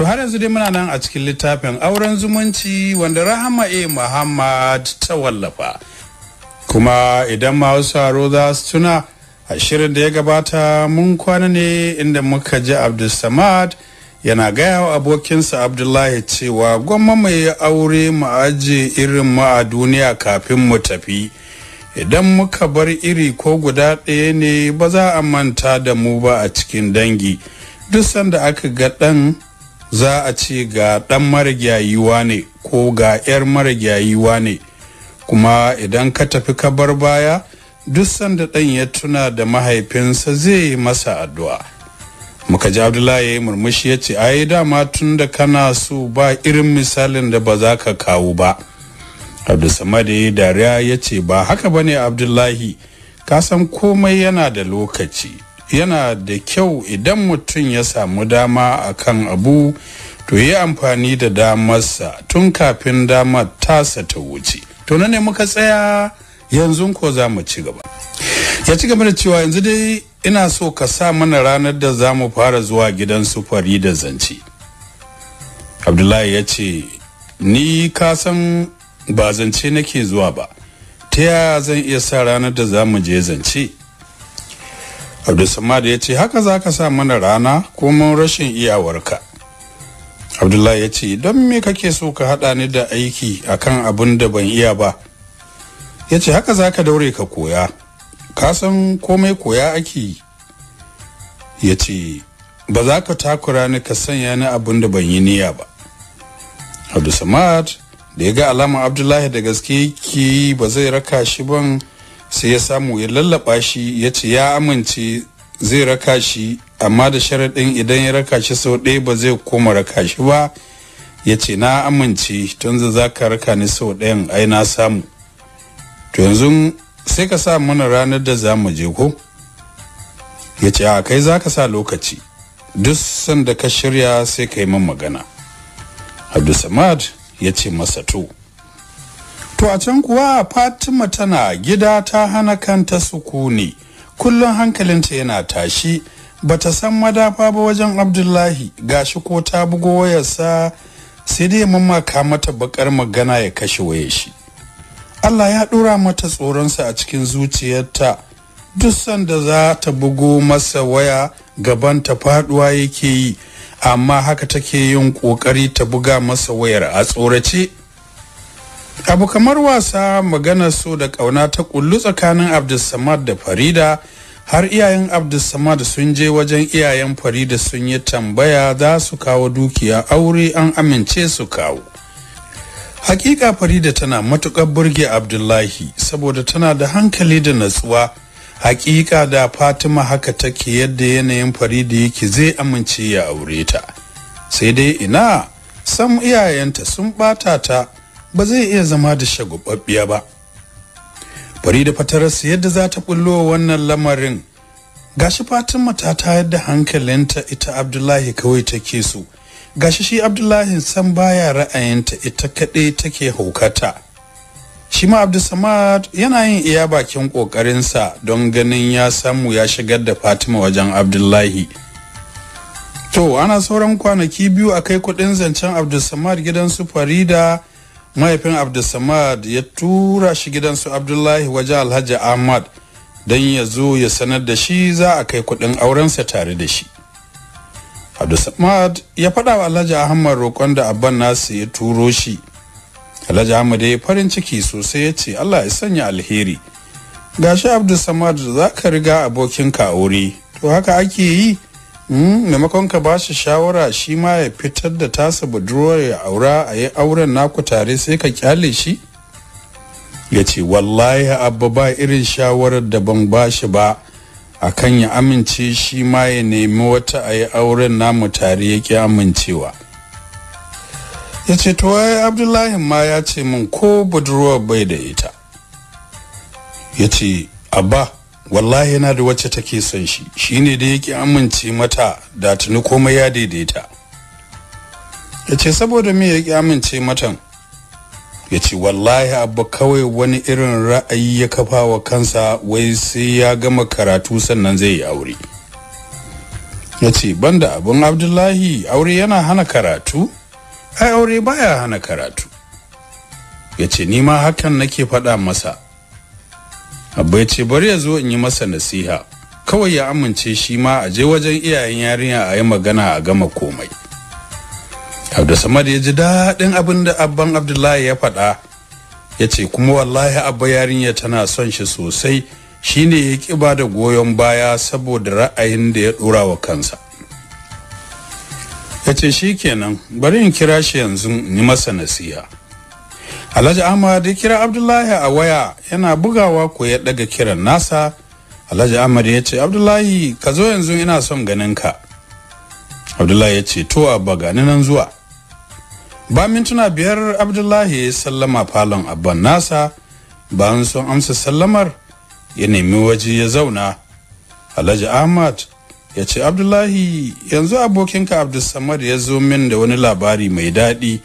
To har yanzu dai muna nan a cikin littafin auren zumunci wanda Rahama A. Muhammad ta wallafa. Kuma idan ma wasu haro za su tuna a shirin da ya gabata mun kwana ne inda muka ji Abdulsamad yana gaya wa abokinsa Abdullahi cewa gwamma mai aure mu aje irin mu a duniya kafin mu tafi. Idan muka bar iri ko guda ɗaya ne ba za a manta da mu ba a cikin dangi. Duk sanda aka ga ɗan za a ce ga ɗan wa ne ko ga 'yar wa ne kuma idan ka tafi ka bar baya duk sanda ɗan ya tuna da mahaifinsa zai masa addu'a muka ji abdullahi ya yi murmushi ya ce ai dama tun da kana so ba irin misalin da ba za ka kawo ba abdulsamad ya dariya ya ce ba haka ba ne abdullahi ka san komai yana da lokaci yana da kyau idan mutum ya samu dama a kan abu to yi amfani da damarsa tun kafin damar tasa ta wuce to ne muka tsaya yanzu ko za mu ci gaba ya ci gaba da cewa yanzu dai ina so ka sa mana ranar da za mu fara zuwa gidan sufari da zance abdullahi ya ce ni ka san ba zance nake zuwa ba ta yaya zan iya sa ranar da za mu je zance abdulsamad ya ce haka za ka sa mana rana ko mun rashin iyawarka abdullahi ya ce don me kake so ka haɗa ni da aiki akan abin da ban iya ba ya ce haka za ka daure ka koya ka san komai koya ake yi ya ce ba za ka takura ni ka sanya ni abin da ban yi niyya ba abdulsamad da ya ga alama abdullahi da gaske ki ba zai raka shi ban sai ya samu ya lallaba shi ya ce ya amince zai raka shi amma da sharaɗin idan ya raka shi sau ɗaya ba zai koma raka shi ba ya ce na amince tun za ka raka ni sau ɗayan ai na samu to yanzu sai ka sa mana ranar da za mu je ko ya ce a kai za ka sa lokaci duk sanda ka shirya sai ka yi min magana abdulsamad ya ce masa to to a can kuwa fatima tana gida ta hana kanta sukuni kullum hankalinta yana tashi bata san madafa ba wajen abdullahi ga shi ko ta bugo wayarsa sai dai mamaka mata bakar magana ya kashe waye shi Allah ya dora mata tsoronsa a cikin zuciyarta duk sanda za ta bugo masa waya gaban ta faduwa yake yi amma haka take yin ƙoƙari ta buga masa wayar a tsorace abu kamar wasa magana so da kauna ta kullu tsakanin abdulsamad da farida har iyayen abdulsamad sun je wajen iyayen farida sun yi tambaya za su kawo dukiya aure an amince su kawo hakika farida tana matukar burge abdullahi saboda tana da hankali da natsuwa hakika da fatima haka take yadda yanayin farida yake zai amince ya aure ta sai dai ina sam iyayenta sun bata ta ba zai iya zama da shagubabbiya ba farida fatararsa yadda za ta bullo wannan lamarin gashi fatima ta tayar da hankalinta ita abdullahi kawai take so gashi shi abdullahi san baya ra'ayinta ita kaɗai take haukata shi ma abdulsamad yana yin iya bakin ƙoƙarinsa don ganin ya samu ya shigar da fatima wajen abdullahi to ana sauran kwanaki biyu a kai kuɗin zancen abdulsamad gidan su farida mahaifin abdulsamad ya tura shi gidansu abdullahi waje alhaji ahmad don ya zo ya sanar da shi za a kai kudin aurensa tare da shi abdulsamad ya faɗa wa alhaji ahmad roƙon da abban nasu ya turo shi alhaji ahmad ya farin ciki sosai ya ce allah ya sanya alheri gashi abdulsamad za ka riga abokinka aure to haka ake yi Hmm, maimakon ka ba shi shawara shi ma ya fitar da tasa budurwar ya aura a yi auren naku tare sai ka kyale shi ya ce wallahi abba ba irin shawarar da ban ba shi ba akan ya amince shi ma ya nemi wata a yi auren namu tare ya ki amincewa ya ce to wai abdullahi ma ya ce min ko budurwa bai da ita ya ce abba wallahi yana da wacce take son shi shine da yake amince mata da tuni komai ya daidaita yace saboda me yake amince matan yace wallahi abba kawai wani irin ra'ayi ya kafa wa kansa wai sai ya gama karatu sannan zai yi aure yace banda abun abdullahi aure yana hana karatu ai aure baya hana karatu yace ce ni ma hakan nake faɗa masa abba ya ce bari ya zo in yi masa nasiha kawai ya amince shi ma a je wajen iyayen yarinya a yi magana a gama komai abdulsamad ya ji daɗin abin da abban abdullahi ya faɗa ya ce kuma wallahi abba yarinya tana son shi sosai shi ne ya ƙi ba da goyon baya saboda ra'ayin da ya ɗora wa kansa ya ce shi kenan bari in kira shi yanzu yi masa nasiha alhaji ahmad ya kira abdullahi a waya yana bugawa ko ya daga kiran nasa alhaji ahmad ya ce abdullahi ka zo yanzu ina son ganin ka abdullahi ya ce to abba gani nan zuwa ba mintuna biyar abdullahi ya sallama falon abban nasa bayan sun amsa sallamar ya nemi waje ya zauna alhaji ahmad ya ce abdullahi yanzu abokinka abdulsamad ya zo min da wani labari mai daɗi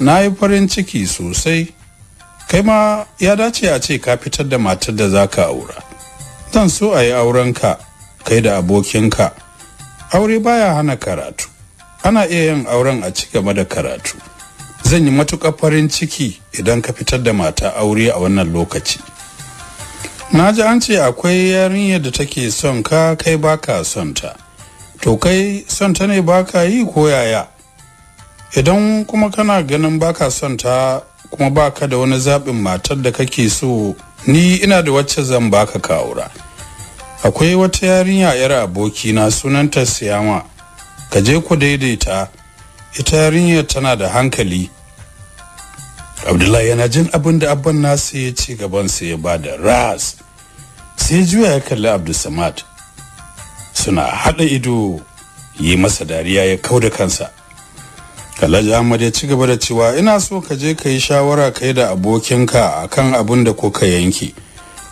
na yi farin ciki sosai kai ma ya dace a ce ka fitar da matar da za ka aura zan so a yi aurenka kai da abokinka aure baya hana karatu ana iya yin auren a ci gaba da karatu zan yi matuƙar farin ciki idan ka fitar da mata aure a wannan lokaci na ji an ce akwai yarinyar da take son ka kai baka son ta to kai son ta ne baka yi ko yaya idan kuma kana ganin baka son ta kuma baka da wani zaɓin matar da kake so ni ina da wacce zan baka kawura akwai wata yarinya yar abokina sunanta siyama ka je ku daidaita ita yarinyar tana da hankali abdullahi yana jin abin da abban nasu ya ci gaban sa ya ba da ras sai juya ya kalli abdulsamad suna haɗa ido yi masa dariya ya kau da kansa Alhaji Ahmad ya ci gaba da cewa ina so ka je ka yi shawara kai da abokinka akan abin da kuka yanke.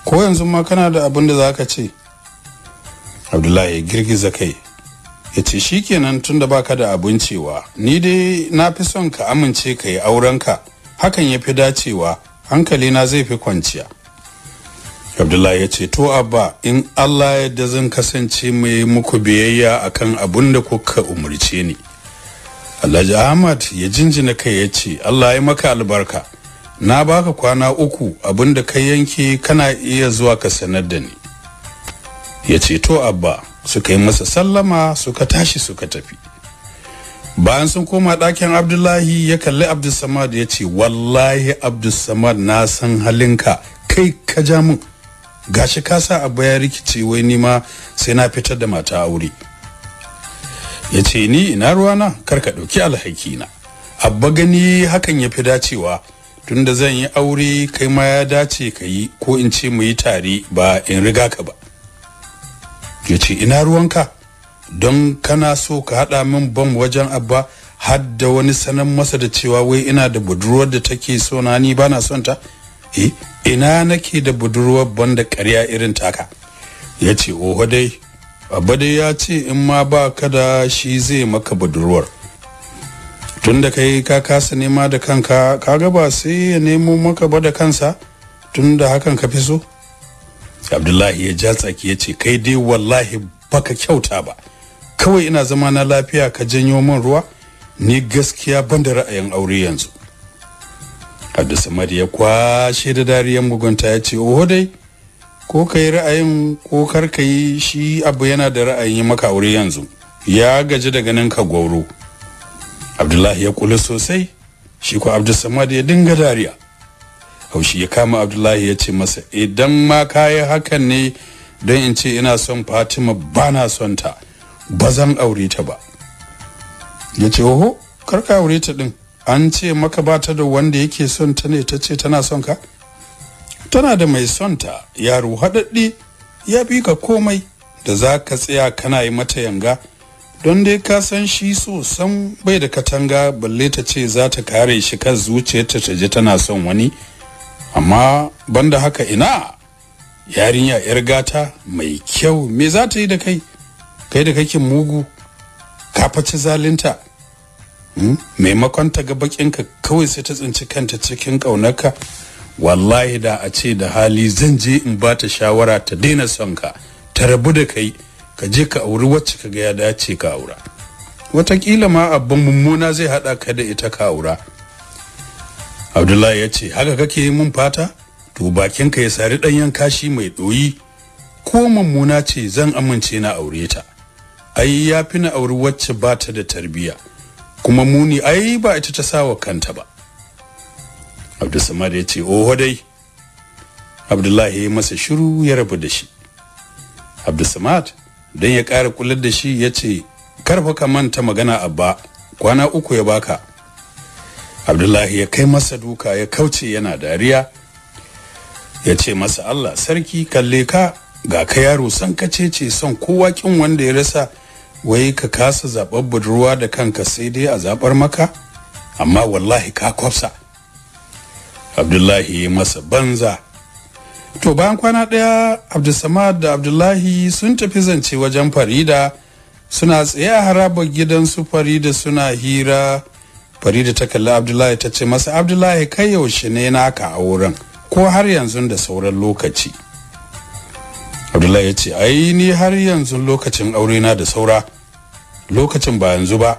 Ko yanzu ma kana da abin da zaka ce? Abdullahi ya girgiza kai. Ya ce shi tun tunda baka da abin cewa ni dai na fi son ka amince ka yi aurenka hakan ya fi dacewa hankali na zai fi kwanciya. Abdullahi ya ce to abba in Allah yadda zan kasance mai muku biyayya akan abin da kuka umarce ni. Alhaji Ahmad ya jinjina kai ya ce Allah ya maka albarka na baka kwana uku abinda kai yanke kana iya zuwa ka sanar da ni ya ce to abba suka yi masa sallama suka tashi suka tafi bayan sun koma ɗakin abdullahi ya kalli abdulsamad ya ce wallahi abdulsamad na san halinka kai ka ja min gashi kasa sa abba ya rikice wai nima sai na fitar da mata aure ya ce ni ina ruwana kar ka ɗauki na abba gani hakan ya fi dacewa tunda zan yi aure kai ma ya dace ka yi ko in ce mu yi tare ba in riga ka ba ya ce ina ka don kana so ka haɗa min ban wajen abba har da wani sanan masa da cewa wai ina da budurwar da take so na ni ba na son ta eh, ina nake da budurwar banda ƙarya irin taka ya ce oho dai abade ya ce in ma ba ka da shi zai maka budurwar tun da kai ka kasa nema da kanka ka ga ba sai ya nemo maka ba da kansa tun da hakan ka fi so abdullahi ya ja tsaki ya ce kai dai wallahi baka kyauta ba kawai ina zama na lafiya ka janyo min ruwa ni gaskiya ban da ra'ayin aure yanzu abdulsamad ya kwashe da dariyar mugunta ya ce oho dai ko ka yi ra'ayin ko kar ka yi shi abu yana da ra'ayin maka aure yanzu ya gaji da ganin ka gwauro abdullahi ya kula sosai shi ko abdulsamad ya dinga dariya haushi ya kama abdullahi ya ce masa idan ma ka yi hakan ne don in ce ina son fatima ba na son ta ba zan aure ta ba ya ce oho karka aure ta din an ce maka ba ta da wanda yake son ta ne ta ce tana son ka tana da mai sonta yaro haɗaɗɗe ya bi ka komai da za ka tsaya kana yi mata yanga don dai ka san shi so san bai da katanga balle ta ce za ta kare shi ka zuciyarta ta ji tana son wani amma banda haka ina yarinya yar gata mai kyau me za ta yi da kai kai da kake mugu ka faci zalinta hmm? maimakon ta ga bakinka kawai sai ta tsinci kanta cikin ƙaunarka wallahi da a ce da hali zan je in ba ta shawara ta daina son ka ta rabu da kai ka je ka auri wacce ka ga ya dace ka aura watakila ma abin mummuna zai hada ka da ita ka aura abdullahi ya ce haka kake yi mun fata to bakin ka ya sari ɗanyen kashi mai ɗoyi ko mummuna ce zan amince na aure ta ai ya fi na auri wacce ba ta da tarbiyya. kuma muni ai ba ita ta sawa kanta ba abdulsamad ya ce oho dai abdullahi ya masa shiru ya rabu da shi abdulsamad don ya ƙara kular da shi ya ce karfa ka manta magana abba kwana uku ya baka abdullahi ya kai masa duka ya kauce yana dariya ya ce masa allah sarki kalle ka ga ka yaro son ka ce son kowa kin wanda ya rasa wai ka kasa zaɓar budurwa da kanka sai dai a zaɓar maka amma wallahi ka kwafsa abdullahi masa banza to bayan kwana ɗaya abdulsamad da abdullahi sun tafi zance wajen farida suna tsaye a harabar gidansu farida suna hira farida ta kalli abdullahi ta ce masa abdullahi kai yaushe ne naka a wurin ko har yanzu da sauran lokaci abdullahi ya ce ai ni har yanzu lokacin aure na da saura lokacin ba yanzu ba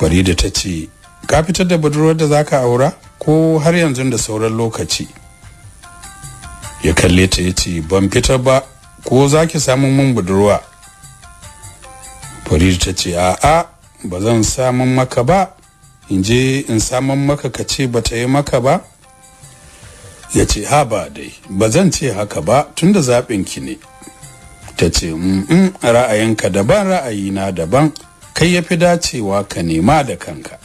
farida ta ce ka fitar da budurwar da zaka aura ko har yanzu da sauran lokaci ya kalle ta ya ce ban fita ba ko za ki samun mun budurwa farida ta ce a'a ba zan samun maka ba in je in samun maka ka ce ba ta yi maka ba ya ce ha ba dai ba zan ce haka ba tunda zaɓin ki ne ta ce ra'ayinka daban ra'ayina daban kai ya fi dacewa ka nema da kanka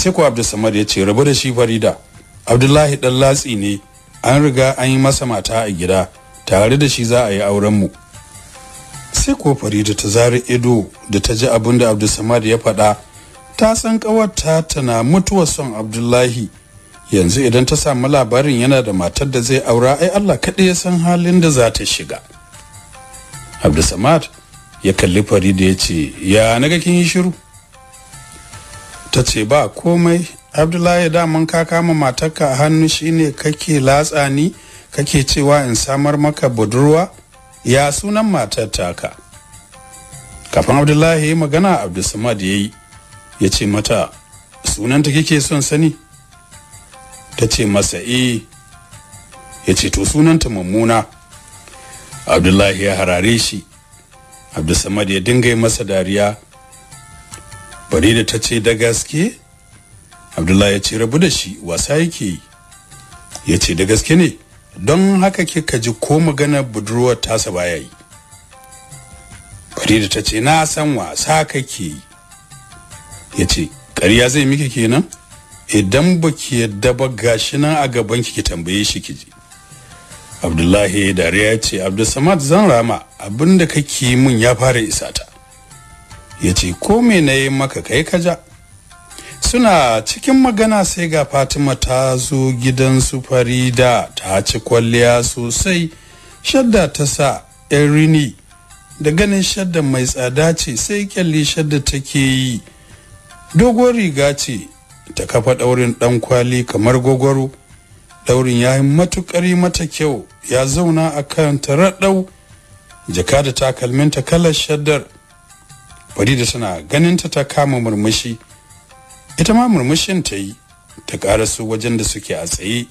sai ko abdulsamad ya ce rabu da shi farida abdullahi dan latsi ne an riga an yi masa mata a gida tare da shi za a yi auren mu sai ko farida ta zari ido da ta ji abin da abdulsamad ya faɗa ta san ƙawarta tana mutuwar son abdullahi yanzu idan ta samu labarin yana da matar da zai aura ai allah kaɗai ya san halin da za ta shiga abdulsamad ya kalli farida ya ce ya naga kin yi shiru ta ce ba komai abdullahi daman ka kama matarka a hannu shine kake latsa ni kake cewa in samar maka budurwa ya sunan matar taka kafin abdullahi ya magana abdulsamad ya yi ya ce mata sunanta kike son sani ta ce masa e ya ce to sunanta mummuna abdullahi ya harare shi abdulsamad ya dinga yi masa dariya farida ta ce da gaske abdullahi ya ce rabu da shi wasa yake yi ya ce da gaske ne don haka kika ji ko magana budurwar tasa baya yi farida ta ce na san wasa kake yi ya ce ƙarya zai miki kenan idan ba ki yadda ba gashi nan a gaban ki tambaye shi ki ji abdullahi dariya ya ce abdulsamad zan rama abinda kake mun ya fara isata ya ce ko me na yi maka kai kaja suna cikin magana sai ga fatima ta zo gidan su farida ta ci kwalliya sosai shadda ta sa yan rini da ganin shadda mai tsada ce sai kyalli shadda take yi dogon riga ce ta kafa ɗaurin ɗan kwali kamar gwagwaro Ɗaurin ya yi matukari mata kyau ya zauna a kan taraɗau jaka da takalminta kalar shaddar farida suna ganin ta ta kama murmushi ita ma murmushin ta yi ta karasu wajen da suke a tsaye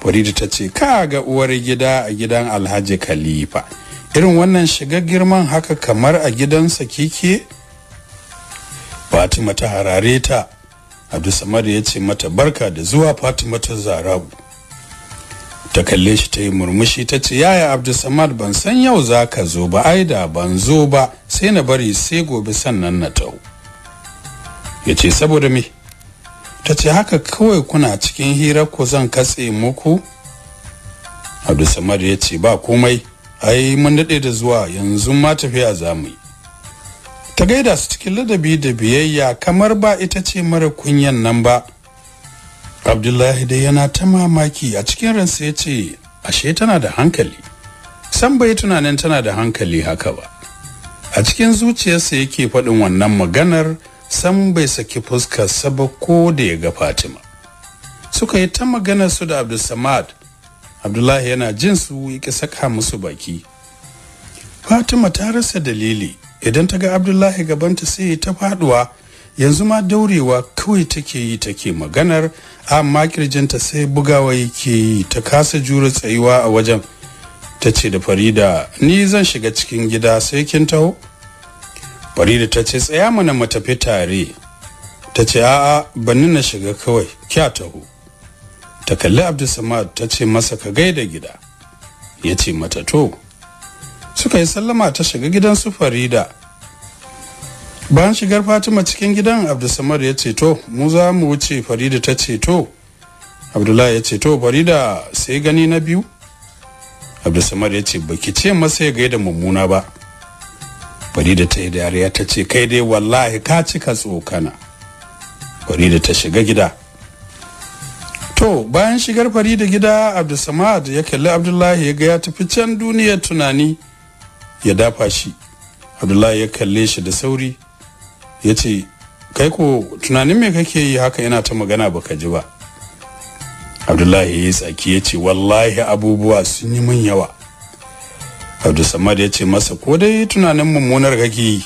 farida ta ce ka ga uwar gida a gidan alhaji khalifa irin wannan shiga girman haka kamar a gidansa kike fatima ta harare ta abdulsamad ya ce mata barka da zuwa fatima ta zarabu ta kalle shi ta yi murmushi ta ce yaya abdulsamad ban san yau za ka zo ba ai da ban zo ba sai na bari sai gobe sannan na tau ya ce saboda me ta ce haka kawai kuna cikin hira ko zan katse muku abdulsamad ya ce ba komai ai mun daɗe da zuwa yanzu ma tafiya za mu yi ta gaida su cikin ladabi da biyayya kamar ba ita ce mara kunyan nan ba abdullahi dai yana ta mamaki a cikin ransa ya ce ashe tana da hankali san bai tunanin tana da hankali haka ba a cikin zuciyarsa yake faɗin wannan maganar san bai saki fuskarsa ba ko da ya ga fatima suka yi ta maganar su da abdulsamad abdullahi yana jin su yake saka musu baki fatima ta rasa dalili idan ta ga abdullahi gabanta sai ta faduwa yanzu ma daurewa kawai take yi take maganar amma kirjinta sai bugawa yake yi ta kasa jure tsayuwa a wajen ta ce da farida ni zan shiga cikin gida sai kin taho farida ta ce tsaya mana mu tafi tare ta ce a'a bani na shiga kawai kya taho ta kalli abdulsamad ta ce masa ka gaida gida ya ce mata to suka yi sallama ta shiga gidan su farida bayan shigar fatima cikin gidan Abdulsamar ya ce mu za mu wuce farida ta ce abdullahi ya ce farida sai gani na biyu Abdulsamar ya ce baki ce masa ya gaida mummuna ba farida ta yi dariya ta ce kai dai wallahi ka cika tsokana farida ta shiga gida to bayan shigar farida gida abdulsamad ya kalli abdullahi ya ga ya tafi can duniyar tunani ya dafa shi abdullahi ya kalle shi da sauri ya ce kai ko tunanin me kake yi haka yana ta magana baka ji ba abdullahi ya tsaki ya ce wallahi abubuwa sun yi min yawa samad ya ce masa ko dai tunanin mummunar kake yi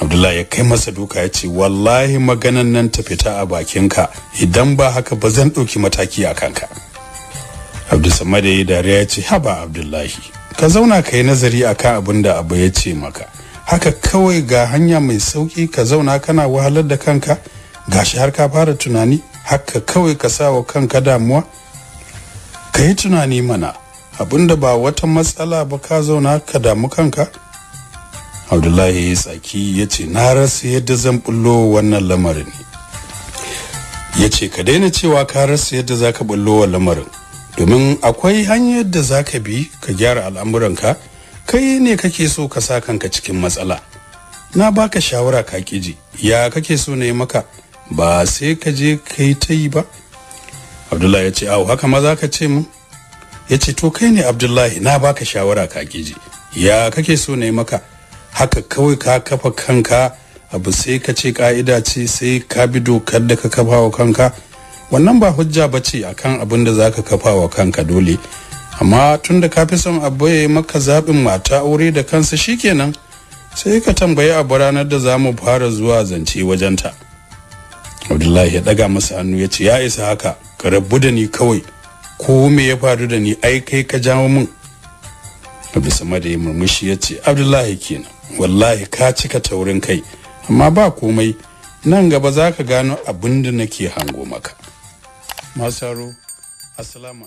abdullahi ya kai masa duka ya ce wallahi maganan nan ta fita a bakinka idan ba haka ba zan ɗauki mataki a kanka samad ya yi dariya ya ce haba abdullahi ka zauna ka yi nazari akan abin da abu ya ce maka haka kawai ga hanya mai sauki ka zauna kana wahalar da kanka ga shi har ka fara tunani haka kawai ka sawa kanka damuwa ka yi tunani mana abinda ba wata matsala ba ka zauna ka damu kanka abdullahi ya tsaki ya ce na rasa yadda zan bullo wannan lamarin ya ce ka daina cewa ka rasa yadda za ka bullo wa lamarin domin akwai hanyar da za ka bi ka gyara al'amuranka kai ne kake so ka sa kanka cikin matsala na baka shawara ka kiji ya kake so ne maka ba sai ka je kai ta yi ba abdullahi ya ce awo haka maza ka ce mu ya ce to kai ne abdullahi na baka shawara ka kiji ya kake so ne maka haka kawai ka kafa kanka abu sai ka ce ka'ida ce sai ka bi dokar da ka kafa wa kanka wannan ba hujja ba ce akan abin da za ka kafa wa kanka dole amma tun da ka fi son abu ya yi maka zaɓin mata aure da kansa shi shikenan sai ka tambayi abu ranar da zamu fara zuwa zance wajenta abdullahi ya ɗaga masa hannu ya ce ya isa haka ka rabu da ni kawai ko me ya faru da ni ai kai ka jawo min abu sama da ya murmushi ya ce abdullahi kenan wallahi ka cika taurin kai amma ba komai nan gaba za ka gano abin da nake hango maka masaro assalamu